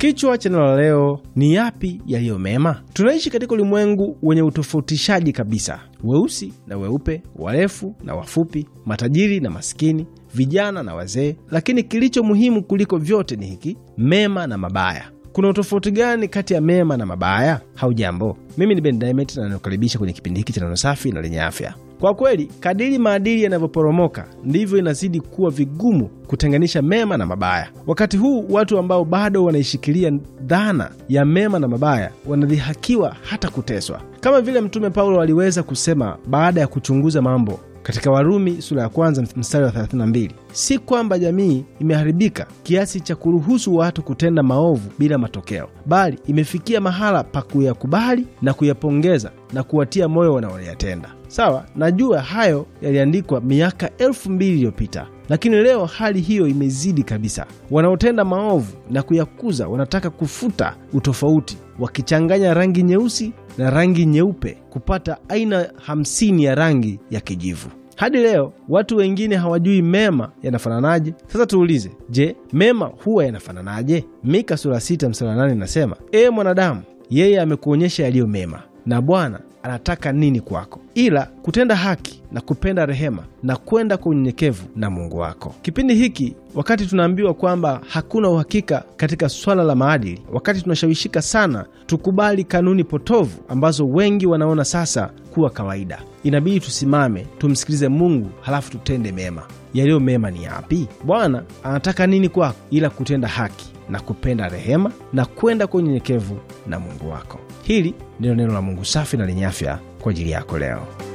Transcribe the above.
Kichwa cha neno la leo ni yapi yaliyo mema? Tunaishi katika ulimwengu wenye utofautishaji kabisa, weusi na weupe, warefu na wafupi, matajiri na masikini, vijana na wazee. Lakini kilicho muhimu kuliko vyote ni hiki, mema na mabaya. Kuna utofauti gani kati ya mema na mabaya? Haujambo, mimi ni Ben Diamond na ninakukaribisha kwenye kipindi hiki cha neno safi na lenye afya. Kwa kweli, kadiri maadili yanavyoporomoka ndivyo inazidi kuwa vigumu kutenganisha mema na mabaya. Wakati huu watu ambao bado wanaishikilia dhana ya mema na mabaya wanadhihakiwa hata kuteswa, kama vile Mtume Paulo aliweza kusema baada ya kuchunguza mambo katika Warumi sura ya kwanza mstari wa 32. Si kwamba jamii imeharibika kiasi cha kuruhusu watu kutenda maovu bila matokeo, bali imefikia mahala pa kuyakubali na kuyapongeza na kuwatia moyo wanaoyatenda. Sawa, najua hayo yaliandikwa miaka elfu mbili iliyopita, lakini leo hali hiyo imezidi kabisa. Wanaotenda maovu na kuyakuza wanataka kufuta utofauti, wakichanganya rangi nyeusi na rangi nyeupe kupata aina hamsini ya rangi ya kijivu. Hadi leo watu wengine hawajui mema yanafananaje. Sasa tuulize, je, mema huwa yanafananaje? Mika sura 6 mstari 8 inasema, ee mwanadamu, yeye amekuonyesha yaliyo mema, na Bwana anataka nini kwako, ila kutenda haki na kupenda rehema na kwenda kwa unyenyekevu na Mungu wako. Kipindi hiki wakati tunaambiwa kwamba hakuna uhakika katika swala la maadili, wakati tunashawishika sana tukubali kanuni potovu ambazo wengi wanaona sasa kuwa kawaida, inabidi tusimame, tumsikilize Mungu halafu tutende mema. Yaliyo mema ni yapi? Bwana anataka nini kwako, ila kutenda haki na kupenda rehema na kwenda kwa unyenyekevu na Mungu wako. Hili ndilo neno la Mungu safi na lenye afya kwa ajili yako leo.